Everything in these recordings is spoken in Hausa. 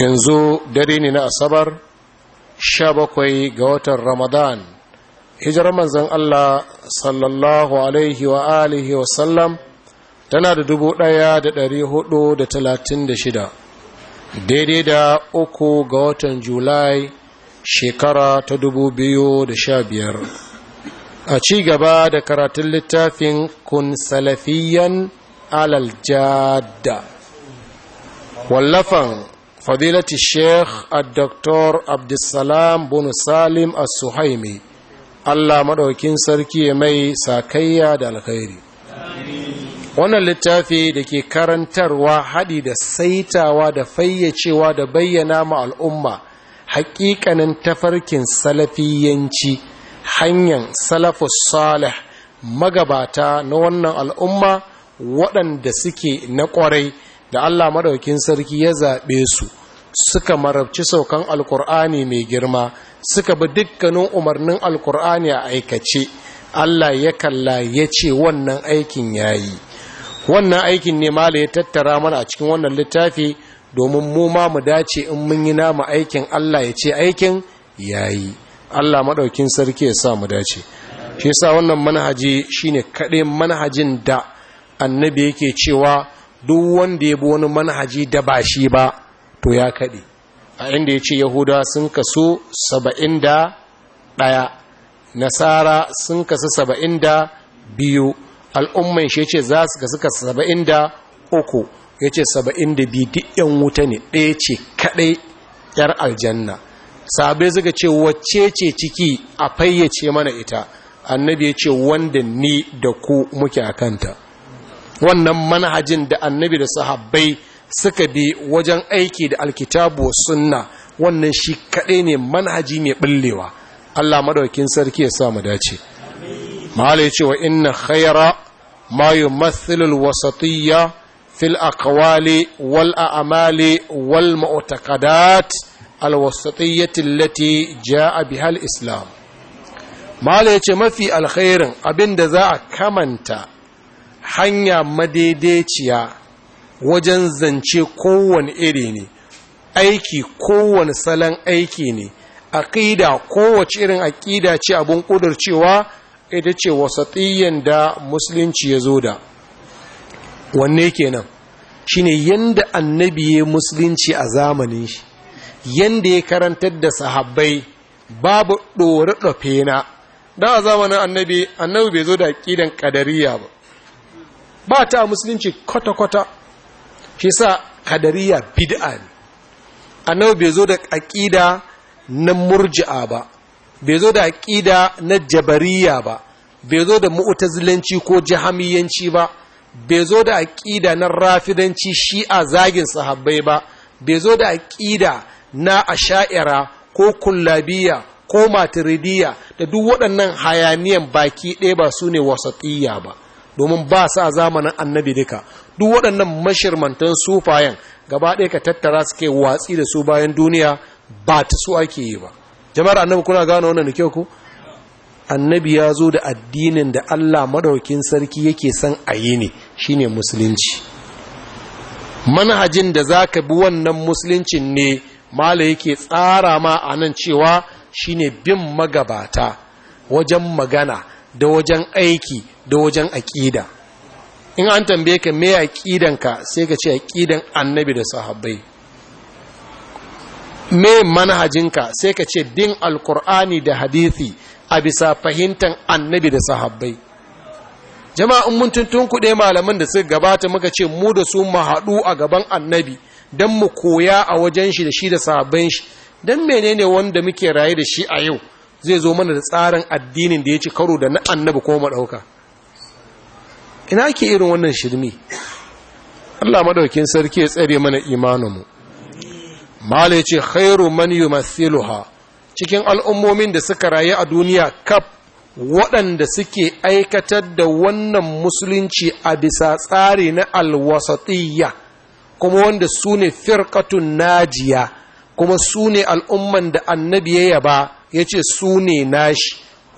yanzu dare ne na asabar 17 ga watan ramadan hijirar manzan Allah sallallahu alaihi wa alihi wa sallam tana da da talatin shida, daidai da uku ga watan julai shekara ta dubu biyu da sha biyar. a ci gaba da karatun littafin kun salafiyan alal jada, wallafan fadilati sheikh al-doktor abdulsalam bin salim al-suhaimi allah maɗaukin sarki mai sakayya da alkhairi wannan littafi da ke karantarwa haɗi da saitawa da fayyacewa da bayyana ma al'umma haƙiƙanin tafarkin salafiyanci hanyar salafus salih magabata na wannan al'umma waɗanda suke na ƙwarai da Allah maɗaukin sarki ya zaɓe su suka marabci saukan alkur'ani mai girma suka bi dukkanin umarnin alkur'ani a aikace Allah ya kalla ya ce wannan aikin ya yi wannan aikin ne mala ya tattara mana a cikin wannan littafi domin mu ma mu dace in mun yi nama aikin Allah ya ce aikin ya yi Allah maɗaukin sarki ya sa mu dace shi sa wannan manhaji shine kaɗai manhajin da annabi yake cewa duk wanda ya bi wani manhaji da ba shi ba to ya kaɗe a inda ya ce yahuda sun kasu saba'in da ɗaya nasara sun kasu saba'in da biyu al'umman shi ya ce za su kasu kasu saba'in da uku ya ce saba'in da biyu duk yan wuta ne ɗaya ce kaɗai ‘yar aljanna sabai suka ce wacce ce ciki a fayyace mana ita annabi ya ce wanda ni da ku muke a kanta wannan manhajin da annabi da sahabbai suka bi wajen aiki da alkitabu wa sunna wannan shi kaɗai ne manhaji mai ɓullewa allah maɗaukin sarki ya sa mu dace mahala ya ce wa inna khaira ma yi mathilul wasatiyya fil akwali wal a'amali wal ma'utakadat ja lati bi hal islam mahala ya ce mafi alkhairin abinda za a kamanta hanya madaidaiciya wajen zance kowane iri ne aiki kowane salon aiki ne aƙida kowace irin aƙida ce abin ƙudurcewa ita ce wasatiyyan da musulunci ya zo da wanne kenan shine yanda annabi ya musulunci a zamanin shi yanda ya karantar da sahabbai babu ɗorar ɗafe na da a zamanin annabi annabi bai zo da aƙidan ƙadariya ba ba ta musulunci kwata-kwata shi sa kadariya bid'a A annabi bai zo da aƙida na murji'a ba bai zo da aƙida na jabariya ba bai zo da mu'tazilanci ko jahamiyanci ba bai zo da ƙida na rafidanci shi'a zagin sahabbai ba bai zo da ƙida na asha'ira ko kullabiya ko matiridiya da duk waɗannan hayaniyan baki ɗaya ba su ne wasaɗiyya ba domin ba su a zamanin annabi duka duk waɗannan mashirmantan sufayen gaba ɗaya ka tattara suke watsi da su bayan duniya ba ta su ake yi ba jama'ar annabi kuna gano wannan da kyau ku annabi ya zo da addinin da Allah maɗaukin sarki yake son a yi ne shine musulunci manhajin da za ka bi wannan musuluncin ne mala yake tsara ma a nan cewa shine bin magabata wajen magana da wajen aiki da wajen aƙida in an tambaye ka me aƙidanka sai ka ce aƙidan annabi da sahabbai me manhajinka sai ka ce din alkur'ani da hadithi a bisa fahimtar annabi da sahabbai jama'in mun tuntun kuɗe malaman da suka gabata muka ce mu da su mu haɗu a gaban annabi don mu koya a wajen shi da shi da sahabban shi don menene wanda muke raye da shi a yau zai zo mana da tsarin addinin da ya ci karo da na annabi ko mu ɗauka ina ke irin wannan shirmi Allah madaukin sarki ya tsare mana imaninmu mala yace khairu man yumathiluha cikin al'ummomin da suka rayu a duniya kaf waɗanda suke aikatar da wannan musulunci a bisa tsari na alwasatiyya kuma wanda su ne firkatun najiya kuma su ne al'umman da annabi ya yaba yace ce su ne nashi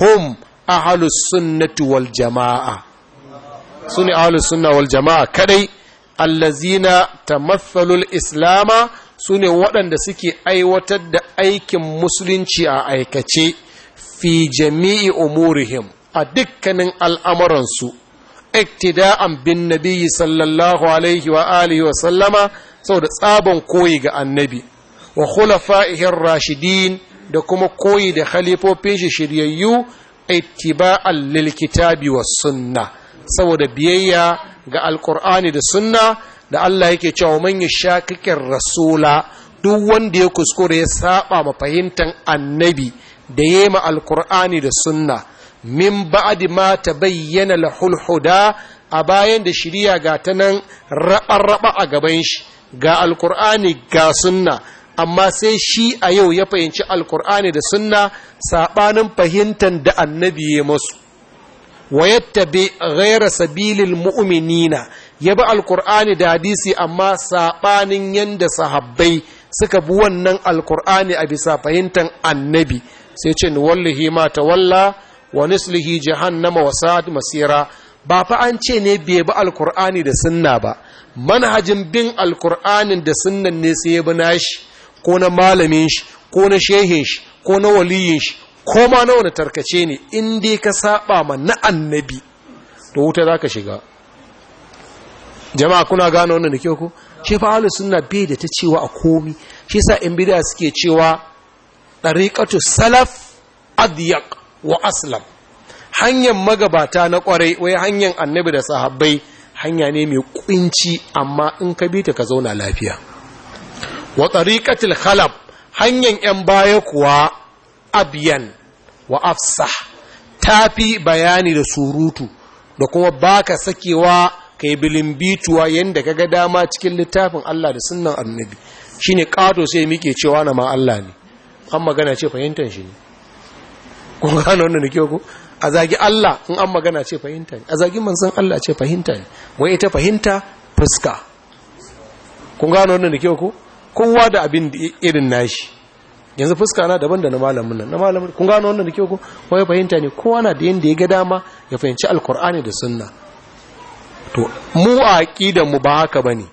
hum ahalus sunnati wal jama'a su ne ahalus suna wal jama'a kadai allazina tamathalul islama su ne waɗanda suke aiwatar da aikin musulunci a aikace fi jami'i umurihim a dukkanin al'amuransu iktida'an bin nabiyyi sallallahu alaihi wa alihi wa sallama sau da tsabon koyi ga annabi wa khulafa'ihin rashidin da kuma koyi da khalifofin shi shiryayyu ittiba'an lil kitabi was sunnah saboda biyayya ga alkur'ani da sunna da Allah yake cewa man shakikin rasula duk wanda ya kuskure ya saba ma fahimtar annabi da yema alkur'ani da sunna min ba'di ma ta lahul huda a bayan da shirya ga ta nan raba-raba a gaban shi ga alkur'ani ga sunna amma sai shi a yau ya fahimci alkur'ani da sunna saɓanin fahimtar da annabi ya masu wa yattabi ghaira sabilil mu'minina ya bi alkur'ani da hadisi amma saɓanin yadda sahabbai suka bi wannan alkur'ani a bisa fahimtar annabi sai ce ni wallahi ma ta walla wa nislihi jahannama wa sa'ad masira ba fa an ce ne bai bi alkur'ani da sunna ba manhajin bin alkur'anin da sunnan ne sai ya bi nashi ko na malamin shi ko na shehin shi ko na waliyin shi ko ma na wani tarkace ne in dai ka saba ma na annabi to wuta za ka shiga jama'a kuna gano wannan da kyau ku? shi fa ahlus sunna bai da ta cewa a komi shi sa in bid'a suke cewa ɗariƙatu salaf adyaq wa aslam hanyar magabata na ƙwarai wai hanyar annabi da sahabbai hanya ne mai ƙunci. amma in ka bi ta ka zauna lafiya wa tariqatul khalaf hanyar yan baya kuwa abyan wa afsah tafi bayani da surutu da kuma baka sakewa kai bilimbituwa yanda kaga dama cikin littafin Allah da sunnan annabi shine kato sai muke cewa na ma Allah ne an magana ce fahimtar shi ne kun gano wannan nake ko a zagi Allah in an magana ce fahimta ne a zagi manzon Allah ce fahimta ne wai ita fahimta fuska kun gano wannan da kyau ko kowa da abin da irin nashi yanzu fuska na daban da na malamin nan na malamin kun gano wannan da ke ku wai fahimta ne kowa na da yanda ya ga dama ya fahimci alkur'ani da sunna to mu a mu ba haka bane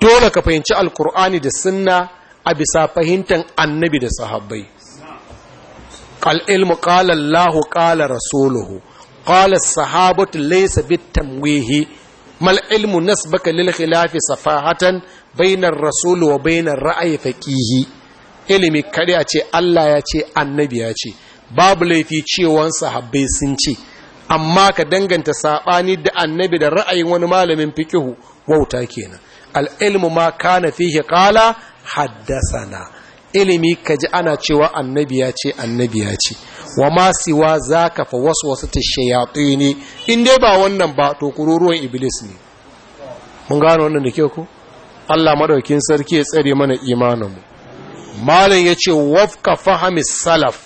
dole ka fahimci alkur'ani da sunna a bisa fahimtar annabi da sahabbai qal ilmu qala allah qala rasuluhu qala sahabatu laysa bitamwihi mal ilmu nasbaka lil khilafi safahatan bainar rasul wa bainar ra'ayi faqihi ilimi kare a ce Allah ya ce annabi ya ce babu laifi cewan sahabbai sun ce amma ka danganta saɓani da annabi da ra'ayin wani malamin fikihu wauta kenan al'ilmu ma kana kala haddasa na, ilimi ka ji ana cewa annabi ya ce annabi ya ce wa ma siwa zaka fa waswasu ne in dai ba wannan ba to kururuwan iblis ne mun gano wannan da ke ku? Allah madaukin sarki ya tsare mana imanin mu. malam ya ce wafka fahamis salaf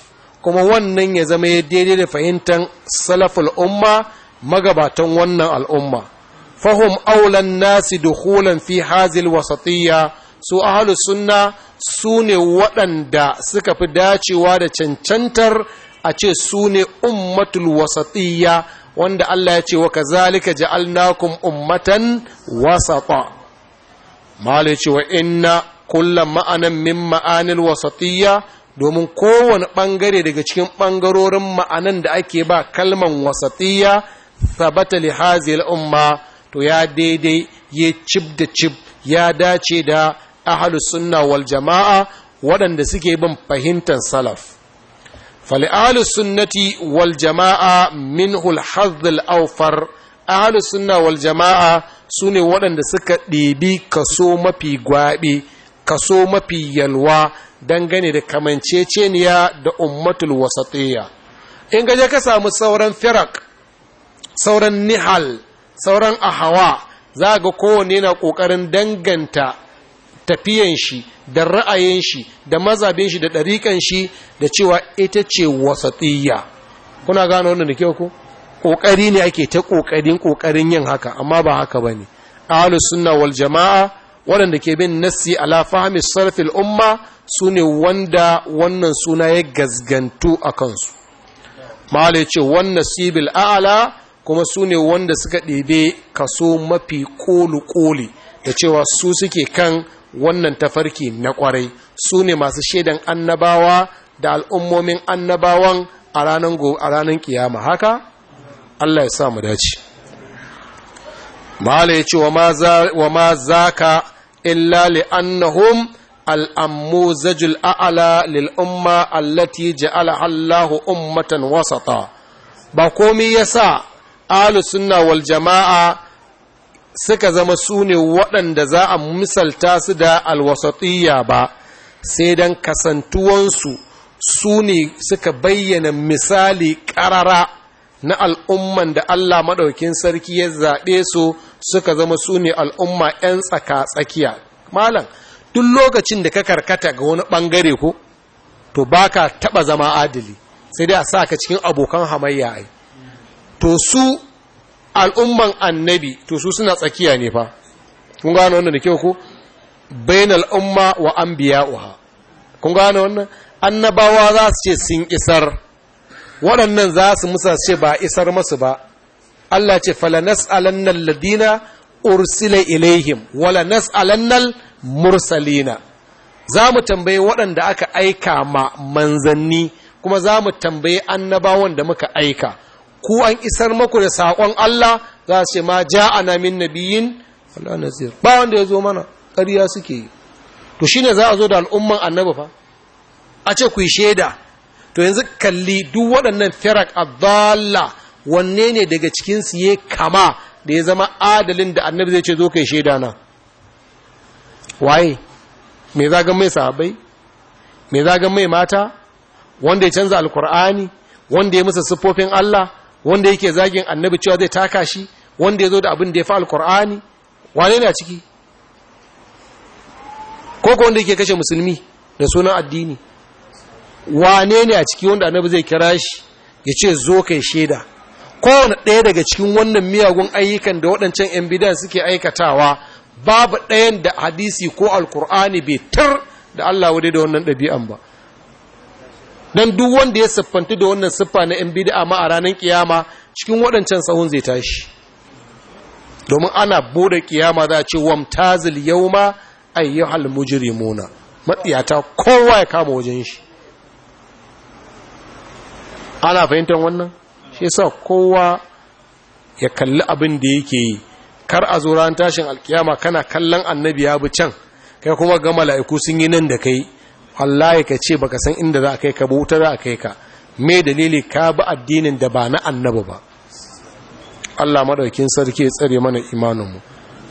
kuma wannan ya zama ya daidai da fahimtar salaful umma magabatan wannan al'umma fahim aulan nasi dukulan fi hazil wasatiyya su ahalu sunna su ne waɗanda suka fi dacewa da cancantar a ce su ne ummatul wasatiyya wanda Allah ya ce wa kazalika ja'alnakum ummatan wasata malai ce wa inna kullum ma'anan min ma'anil wasatiyya domin kowane ɓangare daga cikin ɓangarorin ma'anan da ake ba kalman wasatiyya sabata li hazil umma to ya daidai ya cib da cib ya dace da ahlus sunna wal jama'a waɗanda suke bin fahimtar salaf fal'alus sunnati wal jama'a minhul hazzul aufar ahlus sunna wal jama'a su ne waɗanda suka ɗebi kaso mafi gwaɓe kaso mafi yalwa dangane da kamanceceniya da ummatul wasatiyya in gaje ka samu sauran firak sauran nihal sauran ahawa za ga kowane yana ƙoƙarin danganta tafiyan shi da ra'ayin shi da mazabin shi da ɗariƙan shi da cewa ita ce wasatiyya kuna gano wannan da kyau ko ƙoƙari ne ake ta ƙoƙarin ƙoƙarin yin haka amma ba haka ba ne ahalus sunna wal jama'a waɗanda ke bin nassi ala fahimis sarfil umma su ne wanda wannan suna ya gazgantu a kansu mahala ce wannan sibil a'ala kuma su ne wanda suka ɗebe kaso mafi koli-koli da cewa su suke kan wannan tafarki na ƙwarai su ne masu shaidan annabawa da al'ummomin annabawan a ranar kiyama haka allah ya sa mu dace mala ya ce wa ma za ka illa li'annahum al'ammu zajul a'ala lil'umma allati ja'ala Allahu ummatan wasata ba komi ya sa sunna wal jama'a suka zama su ne waɗanda za a misalta su da alwasatiyya ba sai don kasantuwansu su ne suka bayyana misali ƙarara na al'umman da Allah maɗaukin sarki ya zaɓe su suka zama su ne al'umma 'yan tsaka tsakiya malam duk lokacin da ka karkata ga wani ɓangare ku, to ba ka taɓa zama adali sai dai a sa ka cikin abokan hamayya ai to su al'umman annabi to su suna tsakiya ne fa kun gano wannan da kyau ko bainal al'umma wa an biya uha. kun gano wannan annabawa za su ce sun isar waɗannan za su musa ce ba isar masu ba Allah ce fala nas'alanna ladina ursila ilaihim wala nas'alannal mursalina za mu tambaye waɗanda aka aika ma manzanni kuma za mu tambaye annabawan da muka aika ku an isar maku da sakon Allah za su ce ma ja'ana min nabiyin Allah ba wanda ya zo mana ƙarya suke yi to shine za a zo da al'umman annabi fa a ce ku yi shaida to yanzu kalli duk waɗannan firak adalla wanne ne daga cikinsu ya kama da ya zama adalin da annabi zai ce zo kai shaida na waye me zagan mai sahabbai me zagan mai mata wanda ya canza alkur'ani wanda ya musa siffofin Allah wanda yake zagin annabi cewa zai taka shi wanda ya zo da abin da ya fi alkur'ani wane ne a ciki ko ko wanda yake kashe musulmi da sunan addini wane ne a ciki wanda annabi zai kira shi ya ce zo kai shaida kowane ɗaya daga cikin wannan miyagun ayyukan da waɗancan 'yan bidan suke aikatawa babu ɗayan da hadisi ko alkur'ani bai tar da Allah wadai da wannan ɗabi'an ba don duk wanda ya siffanta da wannan siffa na 'yan bida ma a ranar kiyama cikin waɗancan sahun zai tashi domin ana bude kiyama za a ce yau yauma ayyuhal mujrimuna matsiyata kowa ya kama wajen shi ana fahimtar wannan shi yasa kowa ya kalli abin da yake yi kar a zo ran tashin alkiyama kana kallon annabi ya bi can kai kuma ga mala'iku sun yi nan da kai Allah ka ce baka san inda za a kai ka ba wuta za a kai ka me dalili ka bi addinin da ba na annabi ba Allah madaukin sarki ya tsare mana imaninmu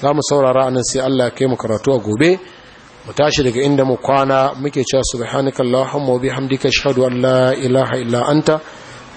za mu saurara anan sai Allah ya kai mu karatu a gobe mu tashi daga inda mu kwana muke cewa subhanakallahumma wa bihamdika ashhadu an la ilaha illa anta